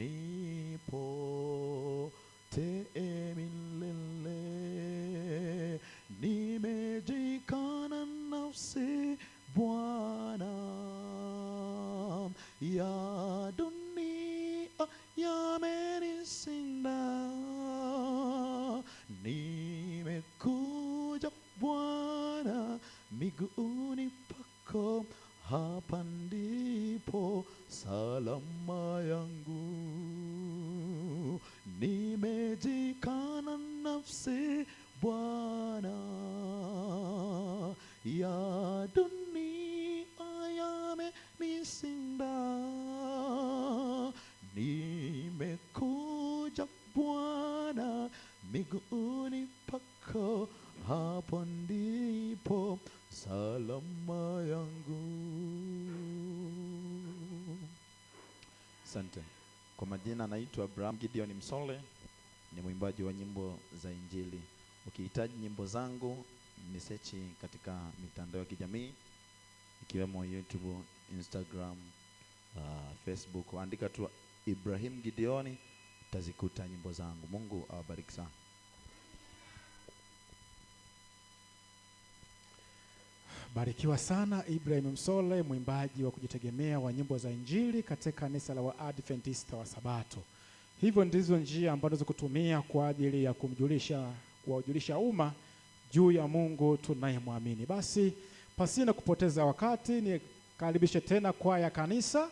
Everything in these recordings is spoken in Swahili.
Nipo teemilele, nimejikana nafsi Bwana, ya dunia yamenisinda, nimekuja Bwana miguuni pako, hapa ndipo salama. ya dunia yamenishinda, nimekuja Bwana miguuni pako, hapo ndipo salama yangu. Asante. Kwa majina naitwa Abraham Gideon Msole, ni mwimbaji wa nyimbo za Injili. Ukihitaji nyimbo zangu nisechi katika mitandao ya kijamii ikiwemo YouTube, Instagram, uh, Facebook. Andika tu Ibrahim Gideoni utazikuta nyimbo zangu. Mungu awabariki sana. Barikiwa sana Ibrahim Msole, mwimbaji wa kujitegemea wa nyimbo za Injili katika kanisa la Waadventista wa Sabato. Hivyo ndizo njia ambazo kutumia kwa ajili ya kumjulisha kuwajulisha umma juu ya Mungu tunayemwamini. Basi pasina kupoteza wakati, nikaribishe tena kwaya kanisa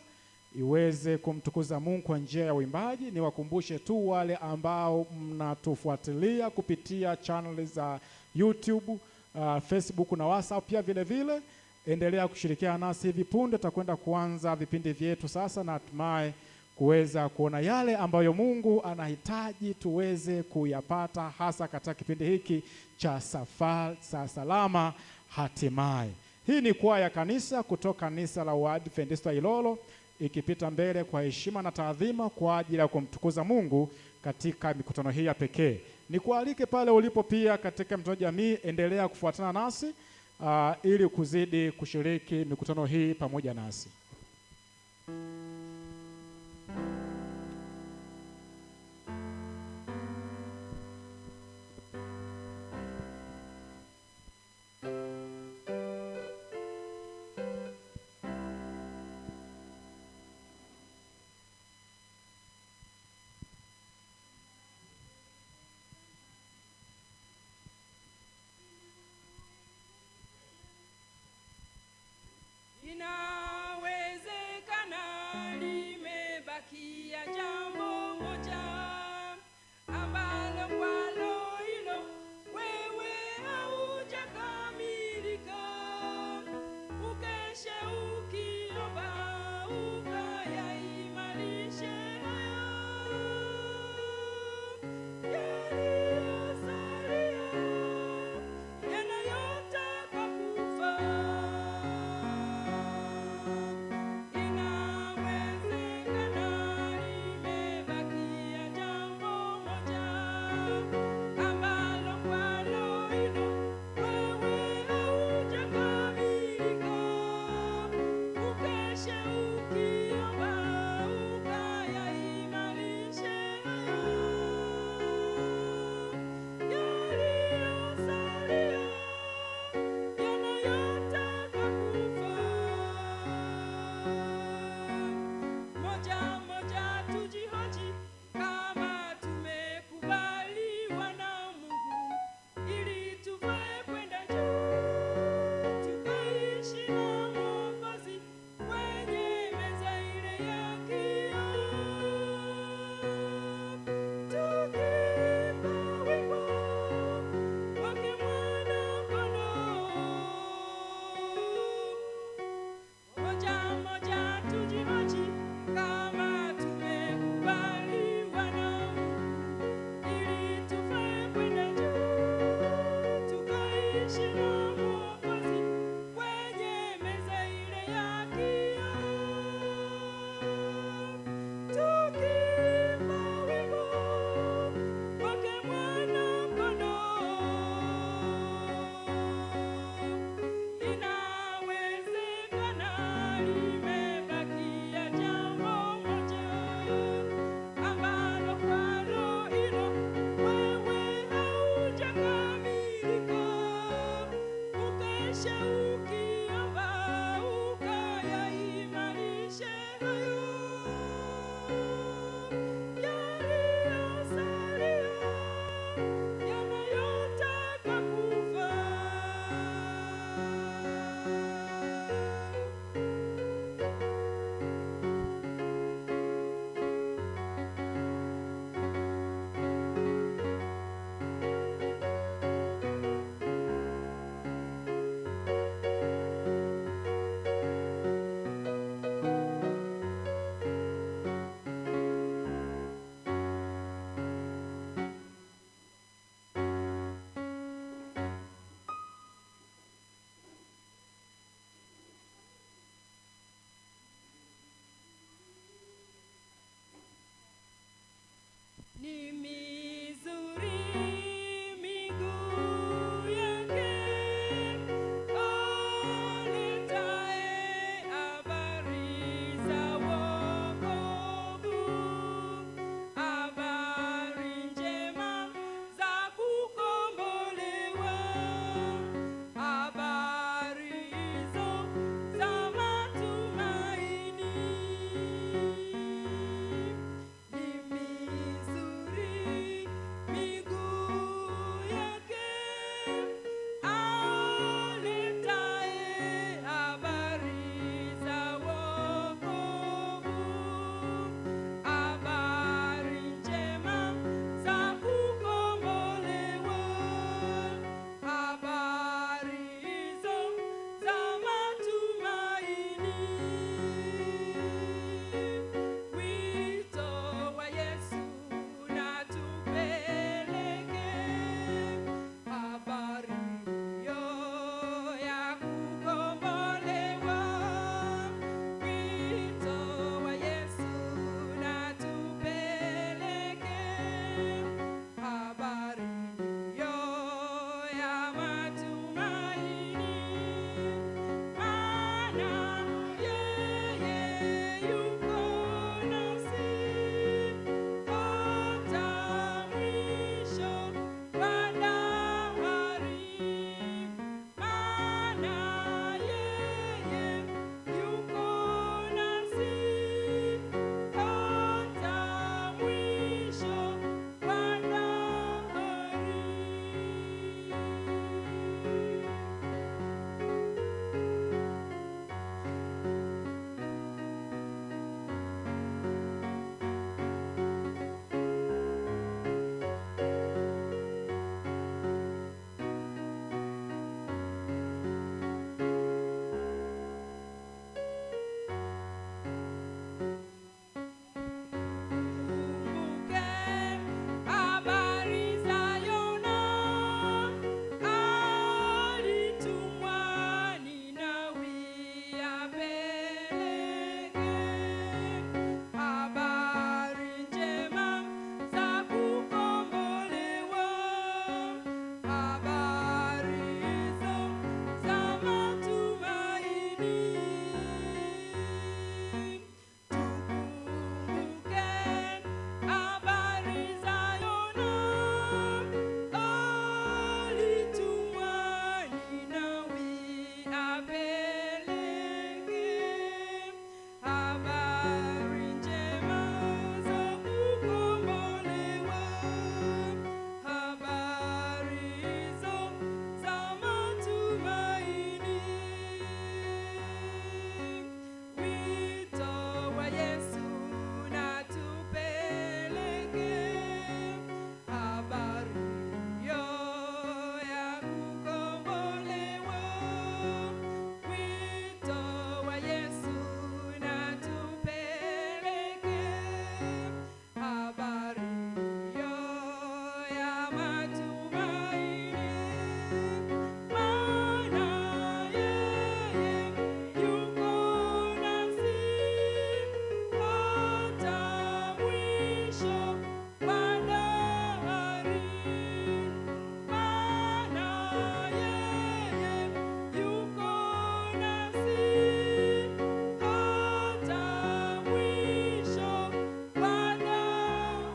iweze kumtukuza Mungu kwa njia ya uimbaji. Niwakumbushe tu wale ambao mnatufuatilia kupitia channel za YouTube, uh, Facebook na WhatsApp pia vile vile, endelea kushirikiana nasi. Hivi punde tutakwenda kuanza vipindi vyetu sasa na hatimaye kuweza kuona yale ambayo Mungu anahitaji tuweze kuyapata hasa katika kipindi hiki cha safari sa salama hatimaye. Hii ni kwaya ya kanisa kutoka kanisa la Waadventista Ilolo ikipita mbele kwa heshima na taadhima kwa ajili ya kumtukuza Mungu katika mikutano hii ya pekee. Nikualike pale ulipo pia katika mtandao jamii, endelea kufuatana nasi uh, ili kuzidi kushiriki mikutano hii pamoja nasi.